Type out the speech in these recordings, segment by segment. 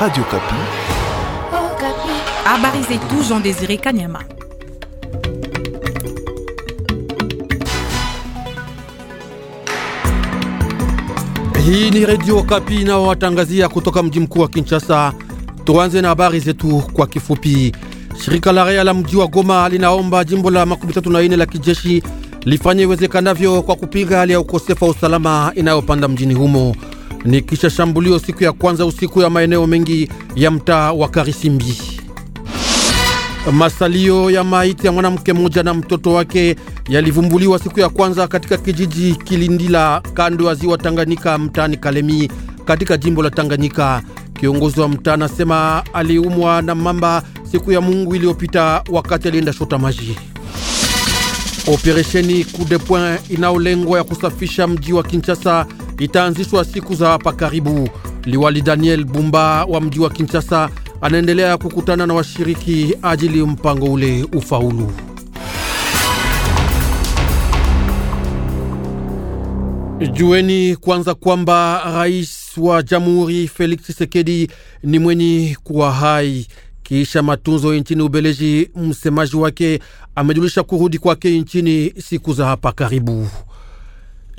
Radio Kapi. Habari zetu Jean Désiré Kanyama. Hii ni Radio Kapi nao watangazia kutoka mji mkuu wa Kinshasa. Tuanze na habari zetu kwa kifupi. Shirika la raia la mji wa Goma linaomba jimbo la makumi tatu na la kijeshi lifanye iwezekanavyo kwa kupinga hali ya ukosefu wa usalama inayopanda mjini humo ni kisha shambulio siku ya kwanza usiku ya maeneo mengi ya mtaa wa Karisimbi. Masalio ya maiti ya mwanamke mmoja na mtoto wake yalivumbuliwa siku ya kwanza katika kijiji Kilindila kando ya ziwa Tanganyika mtaani Kalemi katika jimbo la Tanganyika. Kiongozi wa mtaa anasema aliumwa na mamba siku ya Mungu iliyopita wakati alienda shota maji. Operesheni coup de point inaolengwa ya kusafisha mji wa Kinshasa itaanzishwa siku za hapa karibu. Liwali Daniel Bumba wa mji wa Kinshasa anaendelea kukutana na washiriki ajili mpango ule ufaulu. Jueni kwanza kwamba rais wa jamhuri Felix Tshisekedi ni mwenye kuwa hai kisha matunzo nchini Ubeleji. Msemaji wake amejulisha kurudi kwake nchini siku za hapa karibu.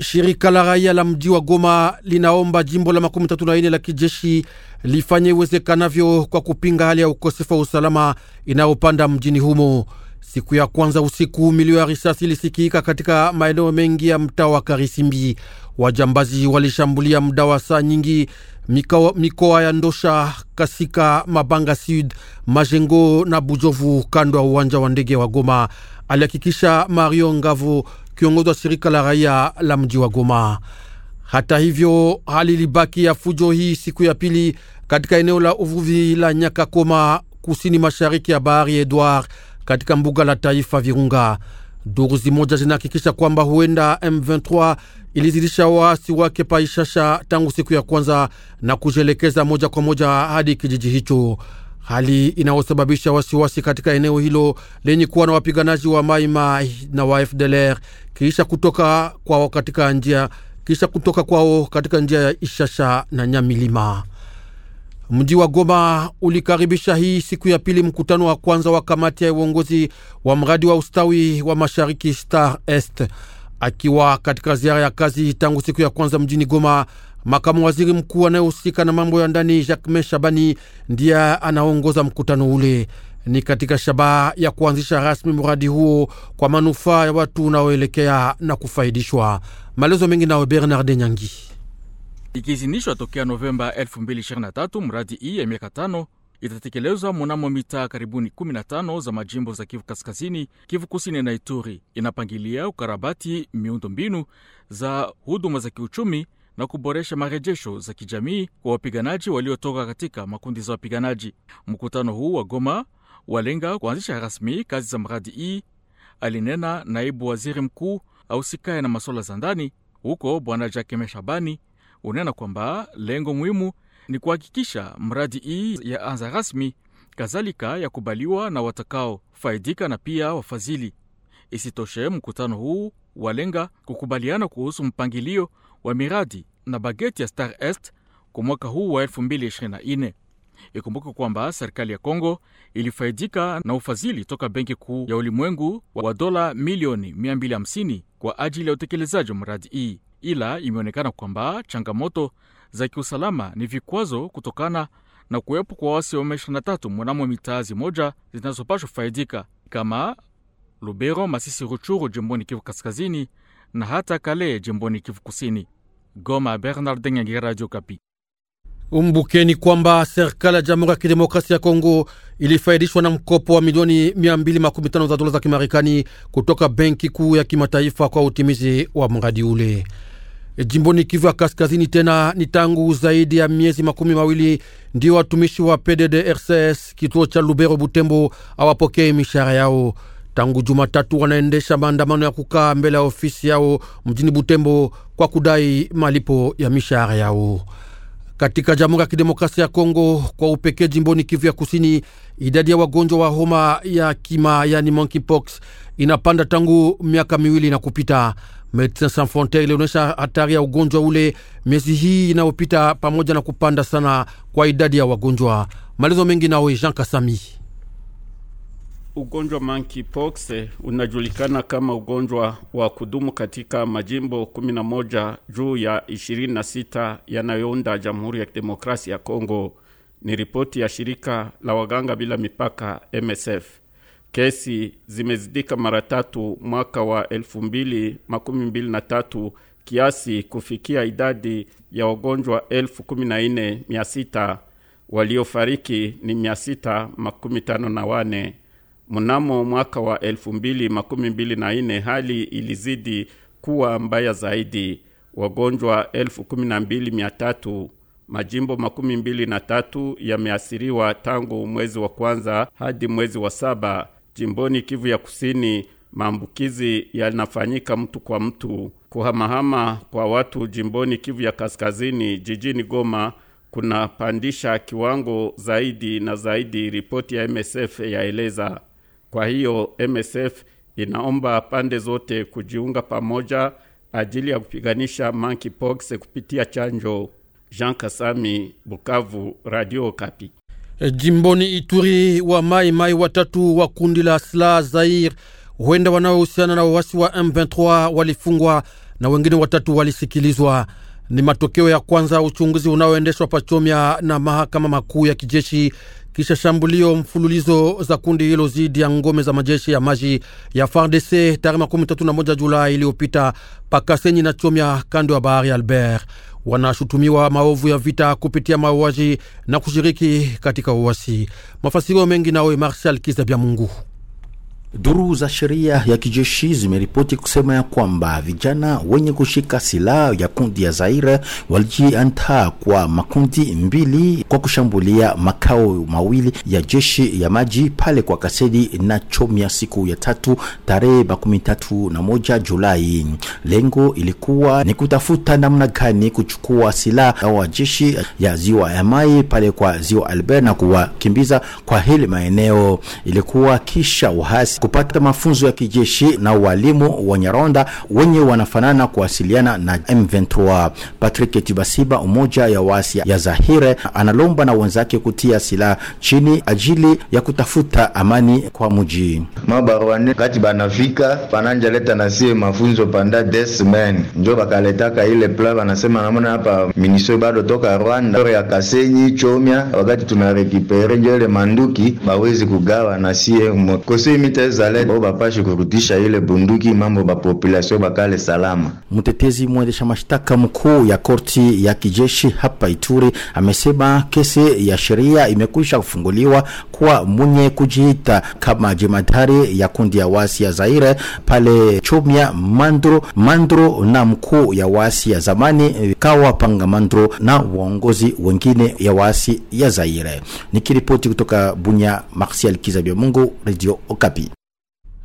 Shirika la raia la mji wa Goma linaomba jimbo la makumi tatu na ine la kijeshi lifanye iwezekanavyo kwa kupinga hali ya ukosefu wa usalama inayopanda mjini humo. Siku ya kwanza usiku, milio ya risasi ilisikika katika maeneo mengi ya mtaa wa Karisimbi. Wajambazi walishambulia muda wa saa nyingi mikoa ya Ndosha, Kasika, Mabanga Sud, Majengo na Bujovu, kando ya uwanja wa ndege wa Goma, alihakikisha Mario Ngavo, kiongozi wa shirika la raia la mji wa Goma. Hata hivyo, hali ilibaki ya fujo hii siku ya pili katika eneo la uvuvi la Nyakakoma kusini mashariki ya bahari Edward katika mbuga la taifa Virunga. Duru zimoja zinahakikisha kwamba huenda M23 ilizidisha waasi wake paishasha tangu siku ya kwanza na kujielekeza moja kwa moja hadi kijiji hicho hali inayosababisha wasiwasi katika eneo hilo lenye kuwa na wapiganaji wa Maimai na wa FDLR kisha kutoka kwao katika njia kisha kutoka kwao katika njia ya Ishasha na Nyamilima. Mji wa Goma ulikaribisha hii siku ya pili mkutano wa kwanza wa kamati ya uongozi wa mradi wa ustawi wa mashariki Star Est. Akiwa katika ziara ya kazi tangu siku ya kwanza mjini Goma, Makamu waziri mkuu anayehusika na mambo ya ndani Jacquemain Shabani ndiye anaongoza mkutano ule. Ni katika shabaha ya kuanzisha rasmi mradi huo kwa manufaa ya watu unaoelekea na kufaidishwa. Maelezo mengi nawe Bernard Nyangi. Ikiizinishwa tokea Novemba 2023 mradi hii ya miaka tano itatekelezwa mnamo mitaa karibuni 15 za majimbo za Kivu Kaskazini, Kivu Kusini na Ituri. Inapangilia ukarabati miundo mbinu za huduma za kiuchumi na kuboresha marejesho za kijamii kwa wapiganaji waliotoka katika makundi za wapiganaji. Mkutano huu wa Goma walenga kuanzisha rasmi kazi za mradi hii, alinena naibu waziri mkuu ausikaye na masuala za ndani huko Bwana Jakeme Shabani. Unena kwamba lengo muhimu ni kuhakikisha mradi hii ya anza rasmi, kadhalika yakubaliwa na watakaofaidika na pia wafadhili. Isitoshe, mkutano huu walenga kukubaliana kuhusu mpangilio wa miradi na bageti ya Star Est kwa mwaka huu wa 2024. Ikumbuke kwamba serikali ya Kongo ilifaidika na ufadhili toka Benki Kuu ya Ulimwengu wa dola milioni 250 kwa ajili ya utekelezaji wa mradi hii, ila imeonekana kwamba changamoto za kiusalama ni vikwazo kutokana na kuwepo kwa wasi wa M23 mwanamo mitaazi moja zinazopashwa faidika kama Lubero, Masisi, Ruchuru jimboni Kivu Kaskazini na hata Kale jimboni Kivu Kusini. Goma, Bernard Nyangi, Radio Kapi. Umbukeni kwamba serikali ya Jamhuri ya Kidemokrasia ya Kongo ilifaidishwa na mkopo wa milioni 215 za dola za Kimarekani kutoka Benki Kuu ya Kimataifa kwa utimizi wa mradi ule. Jimboni Kivu ya Kaskazini, tena ni tangu zaidi ya miezi makumi mawili ndio watumishi wa PDDRCS kituo cha Lubero Butembo awapokee mishahara yao tangu Jumatatu wanaendesha maandamano ya kukaa mbele ya ofisi yao mjini Butembo kwa kudai malipo ya mishahara yao. Katika Jamhuri ya Kidemokrasia ya Kongo, kwa upekee jimboni Kivu ya Kusini, idadi ya wagonjwa wa homa ya kima, yani monkeypox, inapanda tangu miaka miwili na kupita. Medecins Sans Frontieres ilionyesha hatari ya ugonjwa ule miezi hii inayopita, pamoja na kupanda sana kwa idadi ya wagonjwa. Maelezo mengi nawe Jean Kasami. Ugonjwa monkeypox eh, unajulikana kama ugonjwa wa kudumu katika majimbo 11 juu ya 26 yanayounda Jamhuri ya Kidemokrasia ya Kongo. Ni ripoti ya shirika la waganga bila mipaka MSF. Kesi zimezidika mara tatu mwaka wa 2023 kiasi kufikia idadi ya wagonjwa 14600. Waliofariki ni 654. Mnamo mwaka wa 2024 hali ilizidi kuwa mbaya zaidi, wagonjwa 12300 majimbo makumi yameathiriwa tangu mwezi wa kwanza hadi mwezi wa saba. Jimboni Kivu ya Kusini, maambukizi yanafanyika mtu kwa mtu. Kuhamahama kwa watu jimboni Kivu ya Kaskazini, jijini Goma, kunapandisha kiwango zaidi na zaidi, ripoti ya MSF yaeleza. Kwa hiyo MSF inaomba pande zote kujiunga pamoja ajili ya kupiganisha monkeypox kupitia chanjo. Jean Kasami, Bukavu, Radio Kapi. E, jimboni Ituri, wa mai mai watatu wa kundi la silaha Zair huenda wanaohusiana na waasi wa M23 walifungwa na wengine watatu walisikilizwa. Ni matokeo ya kwanza uchunguzi unaoendeshwa pachomya na mahakama makuu ya kijeshi kisha shambulio mfululizo za kundi hilo zidi ya ngome za majeshi ya maji ya FARDC tarehe makumi tatu na moja Julai iliyopita Pakasenyi na Chomya, kando ya bahari Albert. Wanashutumiwa maovu ya vita kupitia mauaji na kushiriki katika uasi. Mafasirio mengi nawe Marshal Kizabya Mungu. Duru za sheria ya kijeshi zimeripoti kusema ya kwamba vijana wenye kushika silaha ya kundi ya Zaire walijianta kwa makundi mbili kwa kushambulia makao mawili ya jeshi ya maji pale kwa Kasedi na Chomia siku ya tatu tarehe makumi tatu na moja Julai. Lengo ilikuwa ni kutafuta namna gani kuchukua silaha wa jeshi ya ziwa ya Mai pale kwa ziwa Albert na kuwakimbiza kwa hili maeneo. Ilikuwa kisha uhasi kupata mafunzo ya kijeshi na walimu wa nyaronda wenye wanafanana kuwasiliana na M23. Patrick Tibasiba, umoja ya waasi ya Zahire, analomba na wenzake kutia silaha chini ajili ya kutafuta amani kwa mji mabarwane. Kati banafika bananja leta nasie mafunzo panda desmen, njo bakaletaka ile plan, banasema namona hapa minisio bado toka Rwanda ya Kasenyi Chomya, wakati tunarekipere njo ile manduki bawezi kugawa nasie mkose mita Bezalel o bapashi kurudisha ile bunduki mambo bapopulasyon bakale salama. Mtetezi mwendesha mashtaka mkuu ya korti ya kijeshi hapa Ituri amesema kesi ya sheria imekwisha kufunguliwa kwa mwenye kujiita kama jemadari ya kundi ya wasi ya Zaire pale Chumia Mandro Mandro na mkuu ya wasi ya zamani Kawa Panga Mandro na waongozi wengine ya wasi ya Zaire. Nikiripoti kutoka Bunya, Martial Kizabia Mungu, Radio Okapi.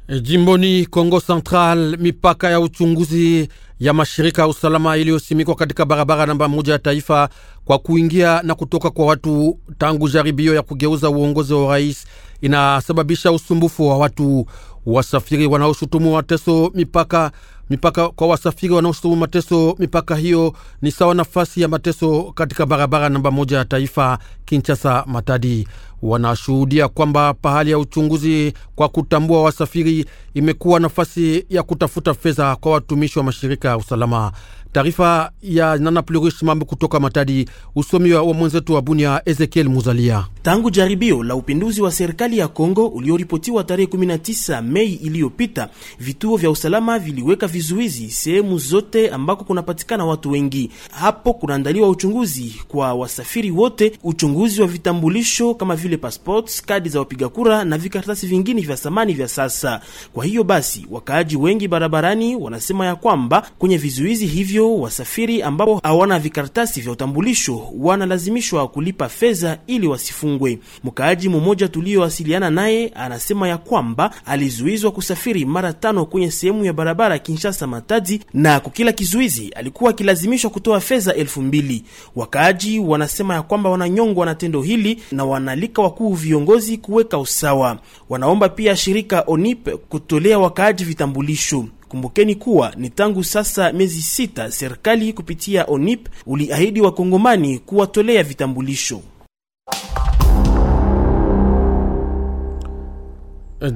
Jimboni Kongo Central, mipaka ya uchunguzi ya mashirika ya usalama iliyosimikwa katika barabara namba moja ya taifa kwa kuingia na kutoka kwa watu tangu jaribio ya kugeuza uongozi wa rais inasababisha usumbufu wa watu wasafiri wanaoshutumu mateso mipaka mipaka kwa wasafiri wanaoshutumu mateso mipaka hiyo ni sawa nafasi ya mateso katika barabara namba moja ya taifa Kinshasa Matadi wanashuhudia kwamba pahali ya uchunguzi kwa kutambua wasafiri imekuwa nafasi ya kutafuta fedha kwa watumishi wa mashirika ya usalama. Taarifa ya Nana Plurish Mambo kutoka Matadi, usomi wa mwenzetu wa Bunia, Ezekiel Muzalia. Tangu jaribio la upinduzi wa serikali ya Kongo ulioripotiwa tarehe 19 Mei iliyopita, vituo vya usalama viliweka vizuizi sehemu zote ambako kunapatikana watu wengi. Hapo kunaandaliwa uchunguzi kwa wasafiri wote, uchunguzi wa vitambulisho kama vile vile passports, kadi za wapiga kura na vikaratasi vingine vya samani vya sasa. Kwa hiyo basi, wakaaji wengi barabarani wanasema ya kwamba kwenye vizuizi hivyo wasafiri ambao hawana vikaratasi vya utambulisho wanalazimishwa kulipa fedha ili wasifungwe. Mkaaji mmoja tuliyowasiliana naye anasema ya kwamba alizuizwa kusafiri mara tano kwenye sehemu ya barabara Kinshasa Matadi, na kwa kila kizuizi alikuwa akilazimishwa kutoa fedha elfu mbili. Wakaaji wanasema ya kwamba wananyongwa na tendo hili na wanalika wakuu viongozi kuweka usawa. Wanaomba pia shirika ONIP kutolea wakaaji vitambulisho. Kumbukeni kuwa ni tangu sasa miezi sita serikali kupitia ONIP uliahidi wakongomani kuwatolea vitambulisho.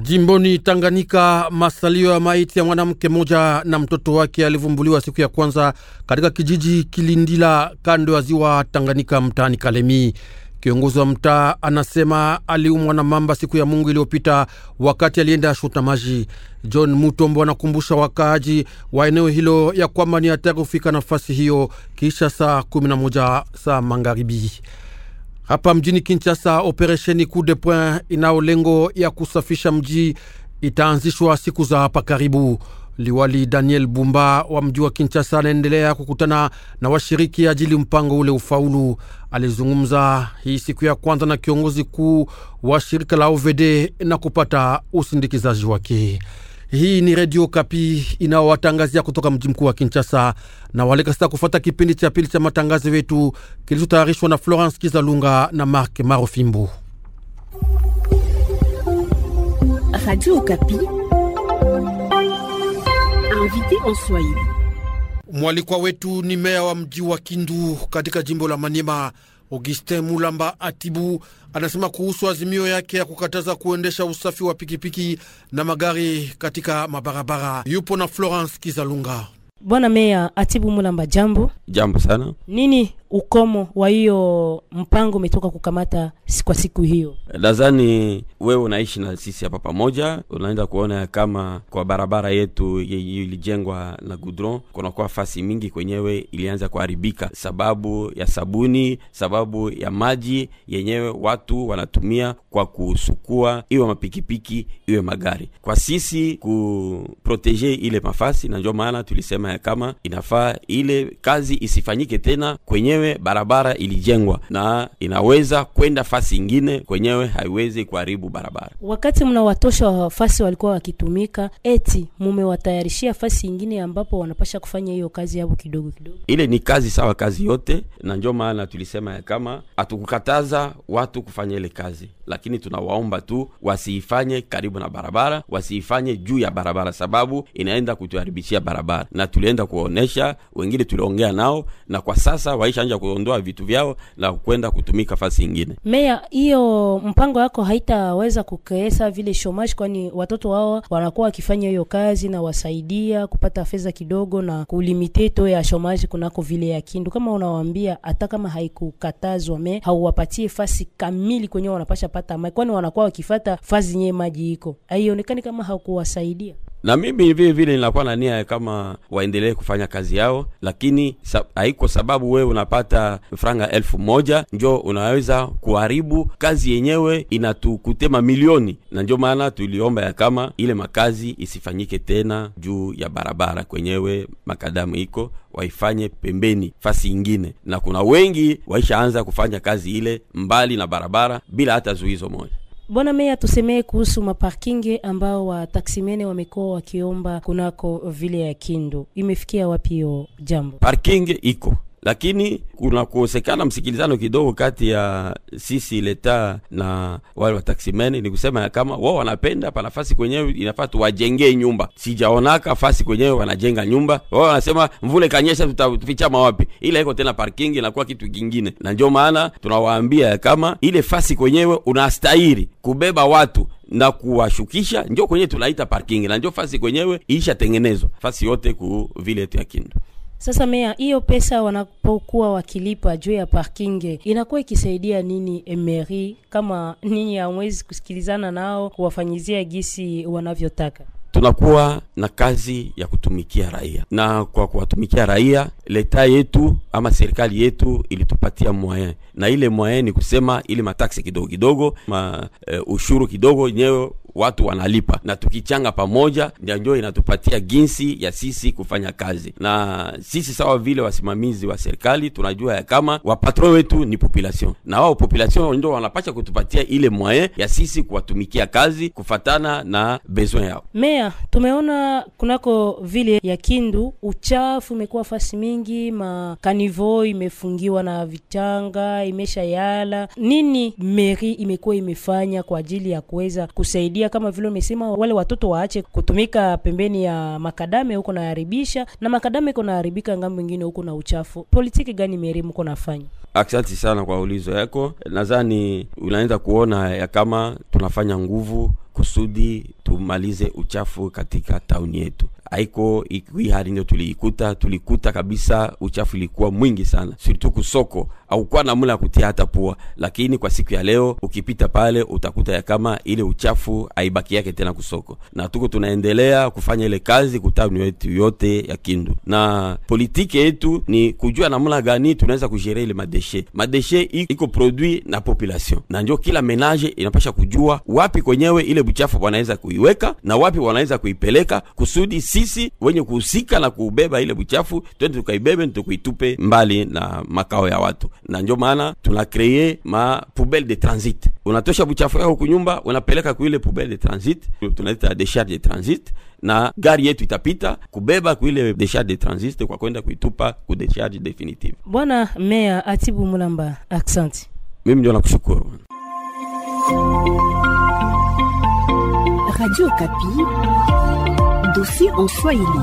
Jimboni Tanganyika, masalio ya maiti ya mwanamke mmoja na mtoto wake alivumbuliwa siku ya kwanza katika kijiji Kilindila, kando ya ziwa Tanganyika, mtaani Kalemi. Kiongozi wa mtaa anasema aliumwa na mamba siku ya Mungu iliyopita wakati alienda shuta maji. John Mutombo anakumbusha wakaaji wa eneo hilo ya kwamba ni hatari kufika nafasi hiyo kisha saa 11 saa magharibi. Hapa mjini Kinshasa, operesheni coup de poing inayo lengo ya kusafisha mji itaanzishwa siku za hapa karibu. Liwali Daniel Bumba wa mji wa Kinshasa anaendelea kukutana na washiriki ajili mpango ule ufaulu. Alizungumza hii siku ya kwanza na kiongozi kuu wa shirika la OVD na kupata usindikizaji wake. Hii ni Redio Kapi inayowatangazia kutoka mji mkuu wa Kinshasa na waleka sasa kufuata kipindi cha pili cha matangazo yetu kilichotayarishwa na Florence Kizalunga na Mark Marofimbu. Radio Kapi invité en Swahili. Mwalikwa wetu ni meya wa mji wa Kindu katika jimbo la Maniema, Augustin Mulamba Atibu anasema kuhusu azimio yake ya kukataza kuendesha usafi wa pikipiki na magari katika mabarabara. Yupo na Florence Kizalunga. Bwana Meya Atibu Mulamba, jambo. Jambo sana. Nini ukomo wa hiyo mpango umetoka kukamata kwa siku hiyo. Nadhani wewe unaishi na sisi hapa pamoja, unaenda kuona kama kwa barabara yetu ilijengwa na gudron, kunakuwa fasi mingi kwenyewe ilianza kuharibika sababu ya sabuni, sababu ya maji yenyewe watu wanatumia kwa kusukua, iwe mapikipiki iwe magari, kwa sisi kuproteje ile mafasi, na ndio maana tulisema ya kama inafaa ile kazi isifanyike tena kwenyewe kwenyewe barabara ilijengwa na inaweza kwenda fasi ingine kwenyewe haiwezi kuharibu barabara. Wakati mnawatosha wafasi walikuwa wakitumika, eti mumewatayarishia fasi ingine ambapo wanapasha kufanya hiyo kazi yao kidogo kidogo. Ile ni kazi sawa, kazi yote, na ndio maana tulisema ya kama hatukukataza watu kufanya ile kazi, lakini tunawaomba tu wasiifanye karibu na barabara, wasiifanye juu ya barabara, sababu inaenda kutuharibishia barabara, na tulienda kuonesha wengine, tuliongea nao na kwa sasa waisha wanaanja kuondoa vitu vyao na kwenda kutumika fasi ingine. Meya, hiyo mpango yako haitaweza kukeesa vile shomaji, kwani watoto wao wanakuwa wakifanya hiyo kazi na wasaidia kupata fedha kidogo na kulimiteto ya shomaji kunako vile ya Kindu. Kama unawaambia hata kama haikukatazwa me hauwapatie fasi kamili kwenye wanapasha pata maji, kwani wanakuwa wakifata fasi yenye maji iko, haionekani kama hakuwasaidia na mimi vile vile ninakuwa na nia kama waendelee kufanya kazi yao, lakini haiko sa, sababu wewe unapata franga elfu moja njo unaweza kuharibu kazi yenyewe inatukutema milioni, na njo maana tuliomba ya kama ile makazi isifanyike tena juu ya barabara kwenyewe makadamu iko waifanye pembeni fasi ingine, na kuna wengi waishaanza kufanya kazi ile mbali na barabara bila hata zuizo moja. Bwana Meya, tusemee kuhusu maparkinge ambao wataksimene wamekuwa wakiomba kunako vile ya Kindu, imefikia wapi hiyo jambo? Parking iko lakini kuna kuosekana msikilizano kidogo kati ya sisi leta na wale wataksimeni. Ni kusema kama wao wanapenda pa nafasi kwenyewe inafaa tuwajengee nyumba, sijaonaka fasi kwenyewe wanajenga nyumba. Wao wanasema mvule kanyesha, tutaficha mawapi? Ile iko tena parking inakuwa kitu kingine, na ndio maana tunawaambia kama ile fasi kwenyewe unastahili kubeba watu na kuwashukisha, njo kwenyewe tunaita parking, na ndio fasi kwenyewe ilishatengenezwa fasi yote ku vile yetu ya Kindu. Sasa mea, hiyo pesa wanapokuwa wakilipa juu ya parking inakuwa ikisaidia nini emeri, kama ninyi hamwezi kusikilizana nao kuwafanyizia gisi wanavyotaka? Tunakuwa na kazi ya kutumikia raia, na kwa kuwatumikia raia leta yetu ama serikali yetu ilitupatia moyen, na ile moyen ni kusema ile mataksi kidogo kidogo ma, e, ushuru kidogo yenyewe watu wanalipa, na tukichanga pamoja ndio inatupatia ginsi ya sisi kufanya kazi. Na sisi sawa vile wasimamizi wa serikali tunajua ya kama wapatron wetu ni population, na wao population ndio wanapasha kutupatia ile moyen ya sisi kuwatumikia kazi kufatana na besoin yao. Mea, tumeona kunako vile ya Kindu uchafu umekuwa fasi mingi, makanivo imefungiwa na vitanga imesha yala nini, meri imekuwa imefanya kwa ajili ya kuweza kusaidia kusaidia, kama vile umesema, wale watoto waache kutumika pembeni ya makadame huko naharibisha na makadame iko naharibika, ngambo ingine huko na uchafu. Politiki gani meri mko nafanya? Asante sana kwa ulizo yako. Nadhani unaweza kuona ya kama tunafanya nguvu kusudi tumalize uchafu katika tauni yetu haiko hii hali ndio tuliikuta, tulikuta kabisa uchafu ilikuwa mwingi sana, surtout kusoko au kwa namna ya kutia hata pua. Lakini kwa siku ya leo ukipita pale utakuta ya kama ile uchafu haibaki yake tena kusoko, na tuko tunaendelea kufanya ile kazi kutani yetu yote ya Kindu, na politiki yetu ni kujua namna gani tunaweza kujere ile madeshe. Madeshe iko produit na population, na ndio kila menage inapasha kujua wapi kwenyewe ile buchafu wanaweza kuiweka na wapi wanaweza kuipeleka kusudi si sisi wenye kuhusika na kubeba ile buchafu, twende tukaibebe, tukuitupe mbali na makao ya watu, na ndio maana tuna kreye ma poubelle de transit. Unatosha buchafu yako kunyumba, unapeleka kuile poubelle de transit, tunaita décharge de transit na gari yetu itapita kubeba kuile décharge de transit kwa kwenda kuitupa ku décharge definitive. Bwana Meya Atibu Mulamba, accent. Mimi ndio nakushukuru. Radio Kapi. Dofi en Swahili.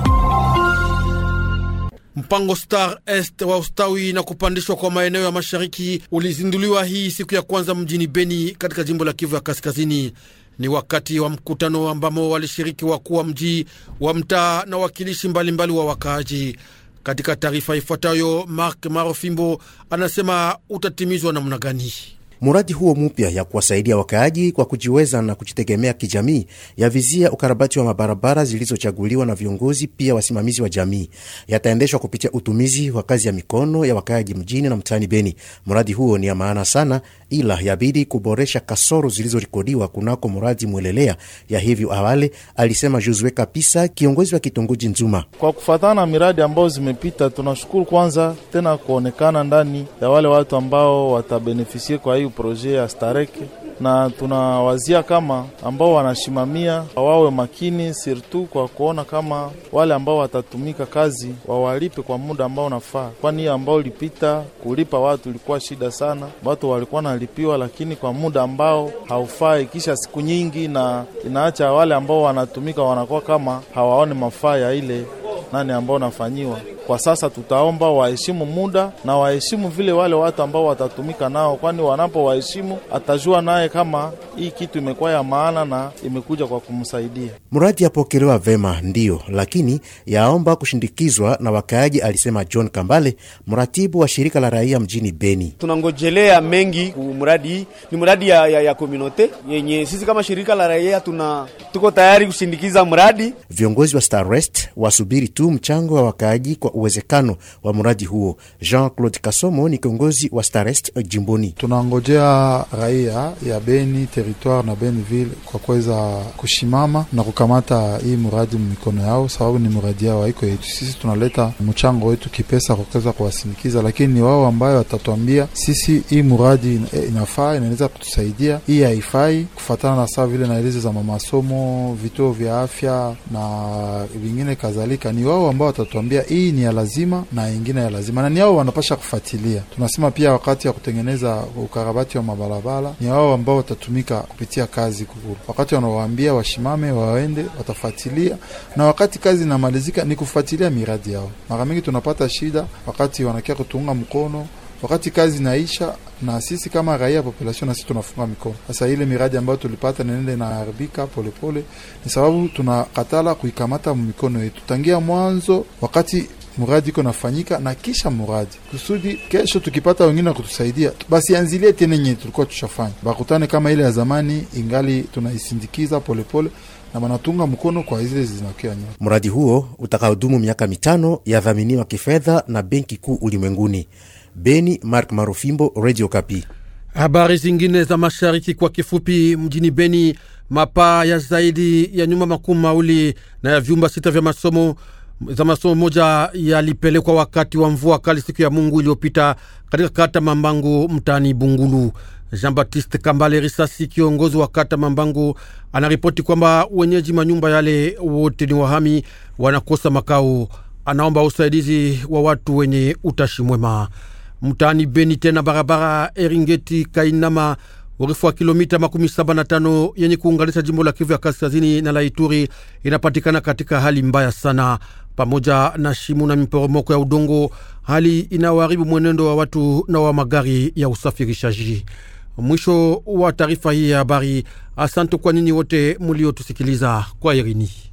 Mpango Star Est wa ustawi na kupandishwa kwa maeneo ya mashariki ulizinduliwa hii siku ya kwanza mjini Beni katika jimbo la Kivu ya Kaskazini. Ni wakati wa mkutano ambamo walishiriki wakuu wa mji wa mtaa na wakilishi mbalimbali wa wakaaji. Katika taarifa ifuatayo, Mark Marofimbo anasema utatimizwa namna gani? Muradi huo mupya ya kuwasaidia wakaaji kwa kujiweza na kujitegemea kijamii yavizia ukarabati wa mabarabara zilizochaguliwa na viongozi pia wasimamizi wa jamii, yataendeshwa kupitia utumizi wa kazi ya mikono ya wakaaji mjini na mtaani Beni. Mradi huo ni ya maana sana, ila yabidi kuboresha kasoro zilizorekodiwa kunako muradi mwelelea ya hivi awali, alisema Josue Kapisa, kiongozi wa kitongoji Nzuma. Kwa kufatana miradi ambayo zimepita, tunashukuru kwanza tena kuonekana ndani ya wale watu ambao watabenefisie kwa hiyo hii proje ya Stareke, na tunawazia kama ambao wanashimamia wawe makini sirtu kwa kuona kama wale ambao watatumika kazi wawalipe kwa muda ambao unafaa, kwani hiyo ambao lipita kulipa watu ilikuwa shida sana. Watu walikuwa nalipiwa, lakini kwa muda ambao haufai, kisha siku nyingi, na inaacha wale ambao wanatumika wanakuwa kama hawaone mafaa ya ile nani ambao nafanyiwa kwa sasa tutaomba waheshimu muda na waheshimu vile wale watu ambao watatumika nao, kwani wanapo waheshimu atajua naye kama hii kitu imekuwa ya maana na imekuja kwa kumsaidia. Mradi yapokelewa vema, ndiyo, lakini yaomba kushindikizwa na wakaaji, alisema John Kambale, mratibu wa shirika la raia mjini Beni. Tunangojelea mengi ku mradi hii, ni mradi ya, ya, ya kominote yenye sisi kama shirika la raia tuna tuko tayari kushindikiza mradi. Viongozi wa Starrest wasubiri tu mchango wa wakaaji kwa uwezekano wa mradi huo. Jean Claude Kasomo ni kiongozi wa Starest jimboni. Tunangojea raia ya Beni territoire na Benville kwa kuweza kushimama na kukamata hii mradi mumikono yao, sababu ni mradi yao, haiko yetu sisi. Tunaleta mchango wetu kipesa kwa kuweza kuwasinikiza, lakini ni wao ambayo watatuambia sisi hii mradi inafaa, inaweza kutusaidia, hii haifai, kufatana na saa vile naelezi za mamasomo, vituo vya afya na vingine kadhalika. Ni wao ambao watatuambia hii ni ya lazima na ingine ya lazima, na ni hao wanapasha kufuatilia. Tunasema pia wakati ya kutengeneza ukarabati wa mabarabara ni hao ambao watatumika kupitia kazi kukuru. Wakati wanawaambia washimame waende, watafuatilia, na wakati kazi inamalizika ni kufuatilia miradi yao. Mara mingi tunapata shida wakati wanakia kutuunga mkono wakati kazi inaisha na sisi kama raia population, na sisi tunafunga mikono. Sasa ile miradi ambayo tulipata nende na inaharibika polepole, ni sababu tunakatala kuikamata mikono yetu tangia mwanzo wakati muradi iko nafanyika na kisha muradi kusudi kesho tukipata wengine wakutusaidia basi anzilie tena yenye tulikuwa tushafanya, bakutane kama ile ya zamani, ingali tunaisindikiza polepole na wanatunga mkono kwa zile zinakia nyuma. Mradi huo utakaodumu miaka mitano yadhaminiwa kifedha na Benki Kuu Ulimwenguni. Beni, Mark Marofimbo, Radio Kapi. Habari zingine za mashariki kwa kifupi. Mjini Beni, mapaa ya zaidi ya nyumba makumi mawili na ya vyumba sita vya masomo za masomo moja yalipelekwa wakati wa mvua kali siku ya Mungu iliyopita katika kata Mambangu mtaani Bungulu. Jean Baptiste Kambale Risasi, kiongozi wa kata Mambangu, anaripoti kwamba wenyeji manyumba yale wote ni wahami wanakosa makao. Anaomba usaidizi wa watu wenye utashi mwema. Mtaani Beni tena barabara Eringeti Kainama urefu wa kilomita makumi saba na tano yenye kuunganisha jimbo la Kivu ya kaskazini na la Ituri inapatikana katika hali mbaya sana pamoja na shimo na miporomoko ya udongo, hali inayoharibu mwenendo wa watu na wa magari ya usafirishaji. Mwisho wa taarifa hii ya habari. Asante kwa nini wote muliotusikiliza kwa Irini.